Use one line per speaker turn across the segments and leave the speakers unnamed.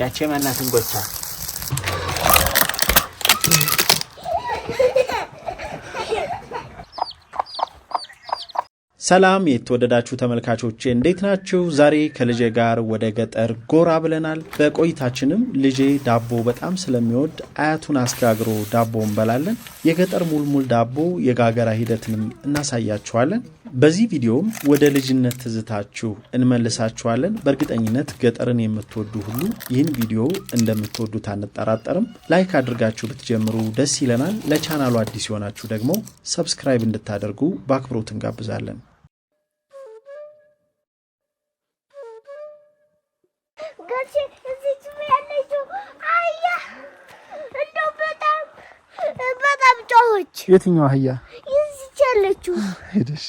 ያቼ መናትን ጎቻ ሰላም የተወደዳችሁ ተመልካቾቼ እንዴት ናችሁ? ዛሬ ከልጄ ጋር ወደ ገጠር ጎራ ብለናል። በቆይታችንም ልጄ ዳቦ በጣም ስለሚወድ አያቱን አስጋግሮ ዳቦ እንበላለን። የገጠር ሙልሙል ዳቦ የጋገራ ሂደትንም እናሳያችኋለን። በዚህ ቪዲዮም ወደ ልጅነት ትዝታችሁ እንመልሳችኋለን። በእርግጠኝነት ገጠርን የምትወዱ ሁሉ ይህን ቪዲዮ እንደምትወዱት አንጠራጠርም። ላይክ አድርጋችሁ ብትጀምሩ ደስ ይለናል። ለቻናሉ አዲስ የሆናችሁ ደግሞ ሰብስክራይብ እንድታደርጉ በአክብሮት እንጋብዛለን። የትኛው አህያ?
ይዝቻለችው
ሄደሽ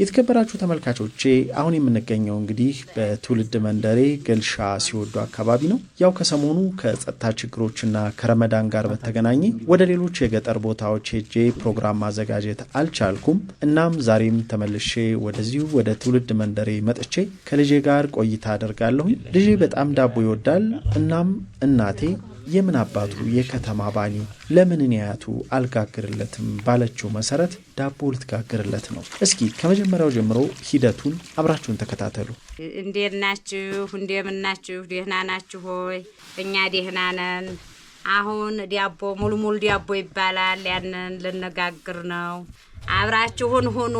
የተከበራችሁ ተመልካቾቼ አሁን የምንገኘው እንግዲህ በትውልድ መንደሬ ገልሻ ሲወዱ አካባቢ ነው። ያው ከሰሞኑ ከጸጥታ ችግሮችና ከረመዳን ጋር በተገናኘ ወደ ሌሎች የገጠር ቦታዎች ሄጄ ፕሮግራም ማዘጋጀት አልቻልኩም። እናም ዛሬም ተመልሼ ወደዚሁ ወደ ትውልድ መንደሬ መጥቼ ከልጄ ጋር ቆይታ አደርጋለሁ። ልጄ በጣም ዳቦ ይወዳል። እናም እናቴ የምን አባቱ የከተማ ባኒ ለምን ንያቱ አልጋግርለትም ባለችው መሰረት ዳቦ ልትጋግርለት ነው። እስኪ ከመጀመሪያው ጀምሮ ሂደቱን አብራችሁን ተከታተሉ።
እንዴት ናችሁ? እንደምን ናችሁ? ደህና ናችሁ ሆይ? እኛ ደህና ነን። አሁን ዳቦ ሙሉ ሙሉ ዳቦ ይባላል። ያንን ልነጋግር ነው። አብራችሁን ሁኑ።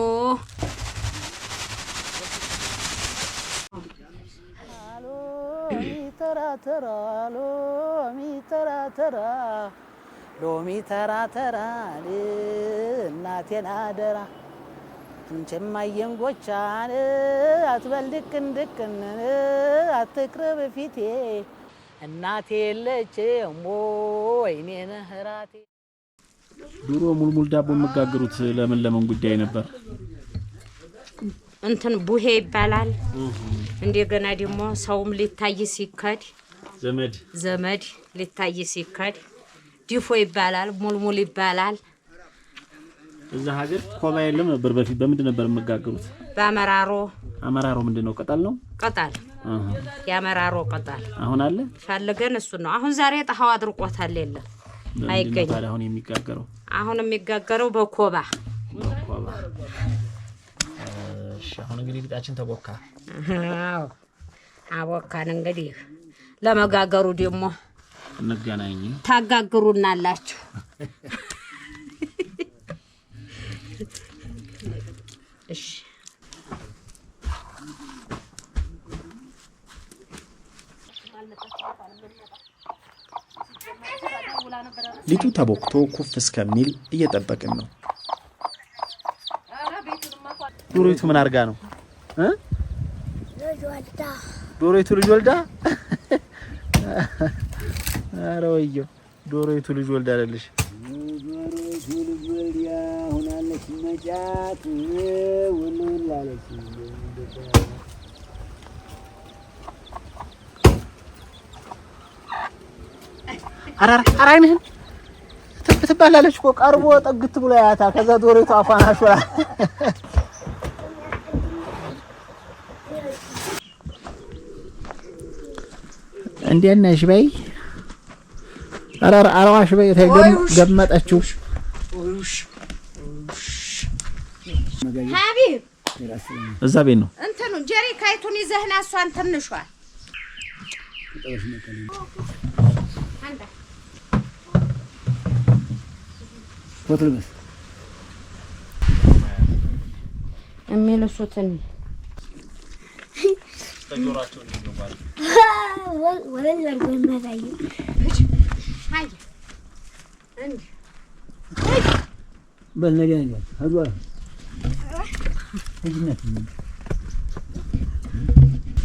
ተራ ተራ ሎሚ ተራ ተራ ሎሚ ተራ ተራ እናቴን
አደራ እንቸማየን ጎቻን አትበል ድቅን ድቅን አትቅርብ ፊቴ እናቴ የለችም ወይኔ ነህራቴ። ድሮ ሙልሙል ዳቦ የምጋግሩት ለምን ለምን ጉዳይ ነበር?
እንትን ቡሄ ይባላል እንደገና ደግሞ ሰውም ሊታይ ሲከድ ዘመድ ዘመድ ሊታይ ሲከድ ዲፎ ይባላል፣ ሙልሙል ይባላል።
እዛ ሀገር ኮባ የለም ነበር በፊት። በምንድን ነበር የምጋገሩት? በአመራሮ። አመራሮ ምንድን ነው? ቅጠል ነው።
ቅጠል የአመራሮ ቅጠል። አሁን አለ ፈልገን እሱ ነው አሁን። ዛሬ ጣሃው አድርቆታል፣ የለም
አይገኝ። አሁን የሚጋገረው
አሁን የሚጋገረው በኮባ
አሁን እንግዲህ ሊጣችን ተቦካ
አቦካን። እንግዲህ ለመጋገሩ ደግሞ እንገናኝ ታጋግሩናላችሁ። እሺ
ሊጡ ተቦክቶ ኩፍ እስከሚል እየጠበቅን ነው። ዶሮይቱ ምን አድርጋ ነው? ዶሮይቱ ልጅ ወልዳ። ኧረ ወየው ዶሮይቱ ልጅ ወልዳ አይደለሽ? ዶሮይቱ ልጅ ወልዳ ሆናለች ትባላለች እኮ ቀርቦ ጠግት ብሎ ያያታል። ከዛ ዶሮይቱ አፏን አሾላ እንዴት ነሽ በይ። ኧረ አረዋሽ በይ። ተይ ገመጠችው። ሀቢብ እዛ ቤት ነው
እንትኑ ጀሪ ካይቱን ይዘህና እሷን ትንሿል የሚልሱትን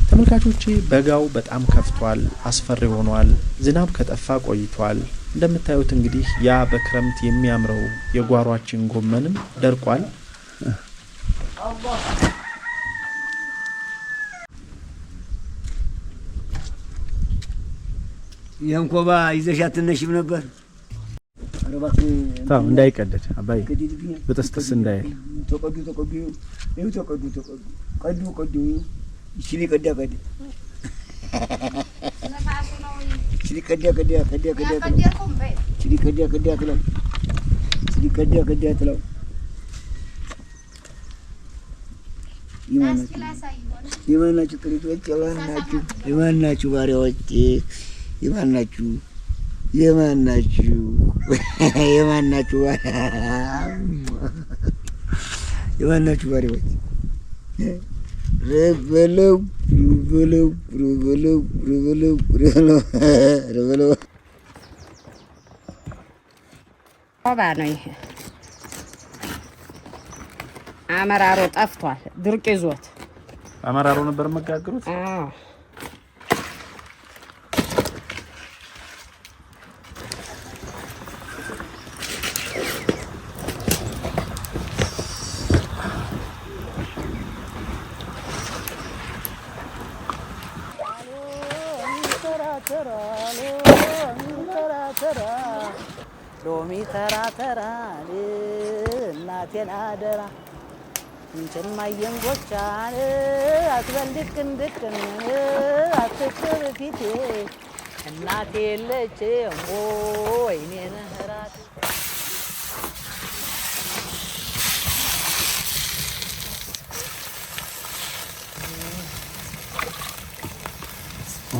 ተመልካቾቼ በጋው በጣም ከፍቷል፣ አስፈሪ ሆኗል። ዝናብ ከጠፋ ቆይቷል። እንደምታዩት እንግዲህ ያ በክረምት የሚያምረው የጓሯችን ጎመንም ደርቋል። ይህን ኮባ ይዘሽ አትነሽም ነበር። ታው እንዳይቀደድ አባዬ በጥስጥስ እንዳይል
ተቀዱ ተቀዱ ይሁ ተቀዱ ተቀዱ ቀዱ ቀዱ ይችሊ ቀዳ ቀዳ ይችሊ ቀዳ ቀዳ ቀዳ ቀዳ ይችሊ ቀዳ ትለው ይማናችሁ ይማናችሁ ቅሪቶች ይማናችሁ ይማናችሁ ባሪያዎች የማናችሁ የማናችሁ የማናችሁ የማናችሁ ባሪያዎች
ባ ነው ይሄ አመራሮ ጠፍቷል። ድርቅ ይዞት
አመራሮ ነበር መጋግሩት። ሎሚ ተራ ተራ እናቴን አደራ እንችን ማየን ጎቻን ድቅን አትቅር ፊቴ እናቴ ወይኔ ነህራት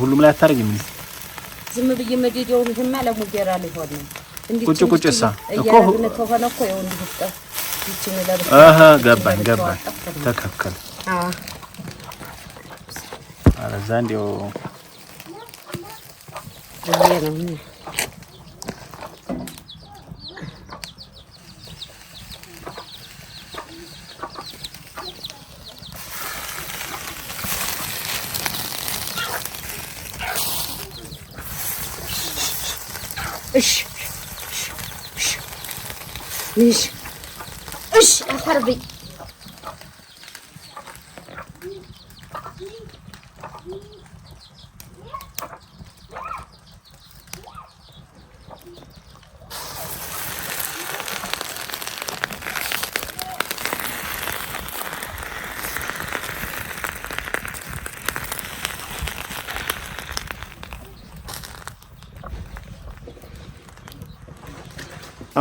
ሁሉም ላይ አታደርግም
ዝም ብዬ መዴዲያውን ይህማ ለሙጌራ ሊሆን ነው።
ቁጭ ቁጭ እሳ እኮ ከሆነ እኮ ይችን ለብ አሀ ገባኝ ገባኝ ተከከል አረዛ እንዲው ነው እሺ እሺ እሺ እሺ እሺ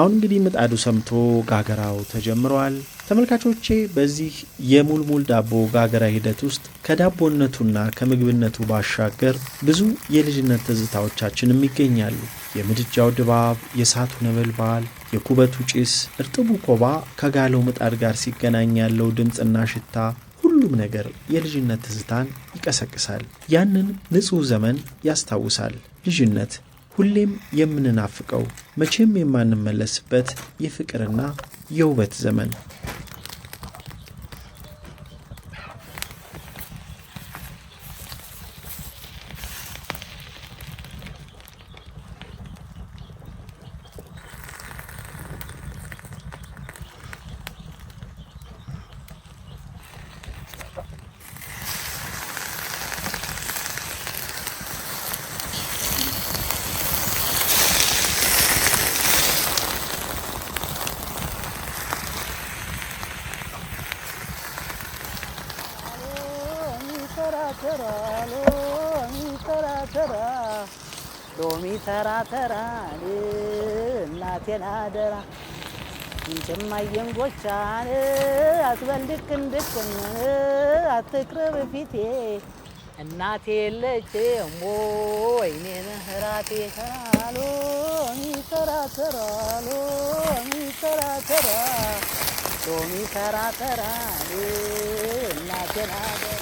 አሁን እንግዲህ ምጣዱ ሰምቶ ጋገራው ተጀምረዋል። ተመልካቾቼ በዚህ የሙልሙል ዳቦ ጋገራ ሂደት ውስጥ ከዳቦነቱና ከምግብነቱ ባሻገር ብዙ የልጅነት ትዝታዎቻችንም ይገኛሉ። የምድጃው ድባብ፣ የእሳቱ ነበልባል፣ የኩበቱ ጭስ፣ እርጥቡ ኮባ ከጋለው ምጣድ ጋር ሲገናኝ ያለው ድምፅና ሽታ ሁሉም ነገር የልጅነት ትዝታን ይቀሰቅሳል። ያንን ንጹሕ ዘመን ያስታውሳል። ልጅነት ሁሌም የምንናፍቀው መቼም የማንመለስበት የፍቅርና የውበት ዘመን ሎሚ ተራ ተራ እናቴን አደራ ጎቻን አትቅርብ ፊቴ እናቴ የለችም ተራ ሎሚ ተራ ተራ ሎሚ ተራ ተራ ሎሚ ተራ ተራ እናቴን አደራ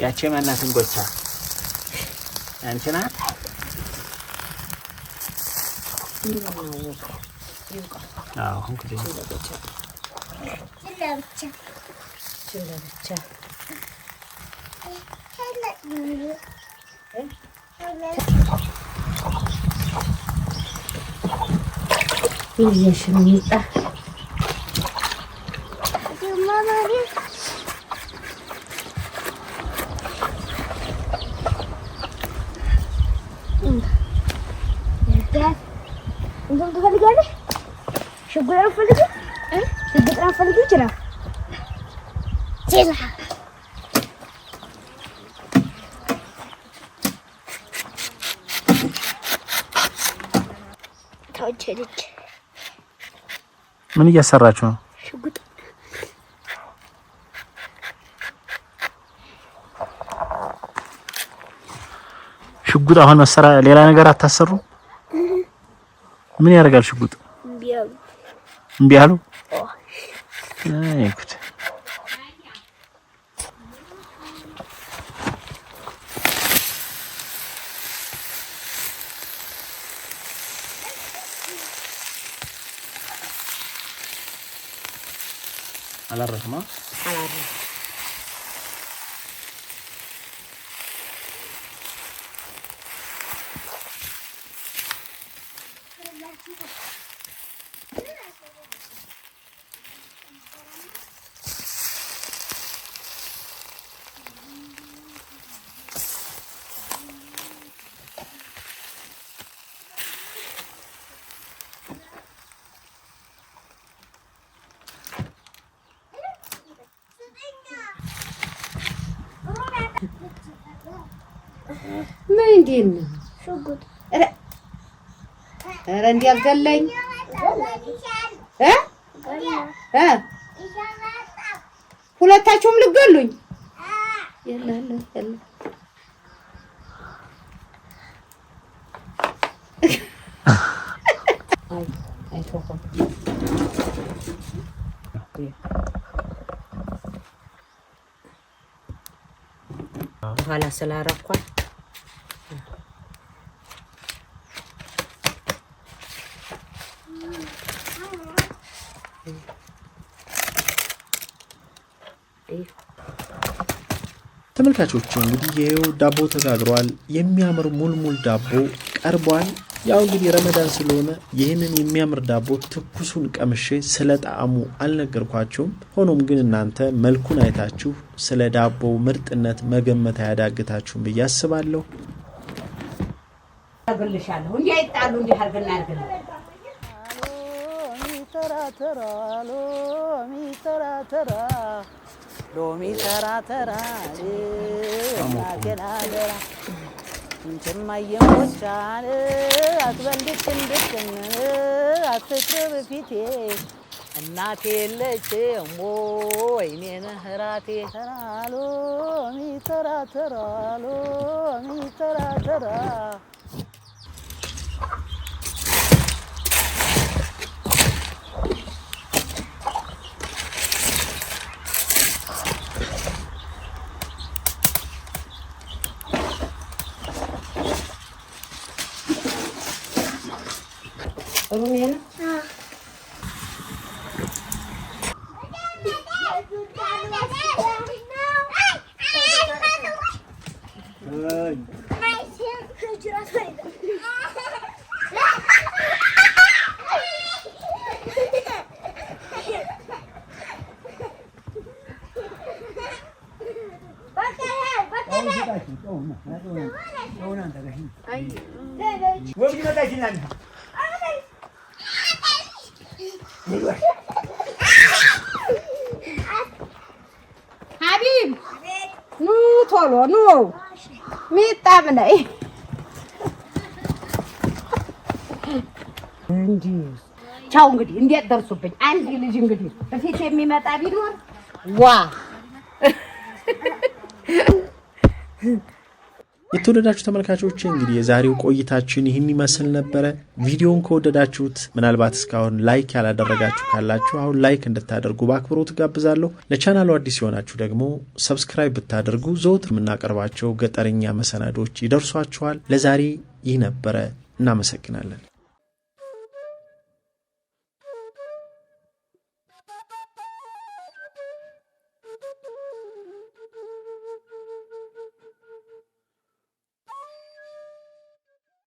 야채 만나선거쳐 안찮아? 아, 헝클이. 질러붙여. 질러붙여. 헬멧 헬멧. 이게 쉽니다.
እንትን ትፈልጋለህ? ሽጉጥ አንፈልግም፣ ሽጉጥ አንፈልግም ይችላል
ይችላል
ምን እያሰራችሁ ነው? ሽጉጥ አሁን መሰራ ሌላ ነገር አታሰሩ። ምን ያደርጋል ሽጉጥ? እምቢ አሉ። አይ ጉድ! አላረፍማ
ምን እንዴት ነው? ኧረ እንዲህ አልገላኝ እ እ ሁለታችሁም ልገሉኝ። አይ አይ በኋላ ስላረኳል
ተመልካቾቹ እንግዲህ ይሄው ዳቦ ተጋግሯል። የሚያምር ሙልሙል ዳቦ ቀርቧል። ያው እንግዲህ ረመዳን ስለሆነ ይህንን የሚያምር ዳቦ ትኩሱን ቀምሼ ስለ ጣዕሙ አልነገርኳችሁም። ሆኖም ግን እናንተ መልኩን አይታችሁ ስለ ዳቦው ምርጥነት መገመት አያዳግታችሁም ብዬ አስባለሁ።
ሎሚ ተራ ተራ እንችማየሞቻን አትበልጥ እንድትን አትቅር በፊቴ እናቴ የለችም ወይኔ ነህራቴ ተራሎ ሚተራ ተራሎ ሚተራ ተራ ሀቢብ ኑ ቶሎ ኑ ሚጣም ነይ። እንዲህ ቻው እንግዲህ እንዴት ደርሱብኝ። አንድ ልጅ እንግዲህ በፊት የሚመጣ ቢኖር ዋ
የተወደዳችሁ ተመልካቾች እንግዲህ የዛሬው ቆይታችን ይህን ይመስል ነበረ። ቪዲዮን ከወደዳችሁት ምናልባት እስካሁን ላይክ ያላደረጋችሁ ካላችሁ አሁን ላይክ እንድታደርጉ በአክብሮት ትጋብዛለሁ ለቻናሉ አዲስ ሲሆናችሁ ደግሞ ሰብስክራይብ ብታደርጉ ዘወትር የምናቀርባቸው ገጠረኛ መሰናዶች ይደርሷችኋል። ለዛሬ ይህ ነበረ። እናመሰግናለን።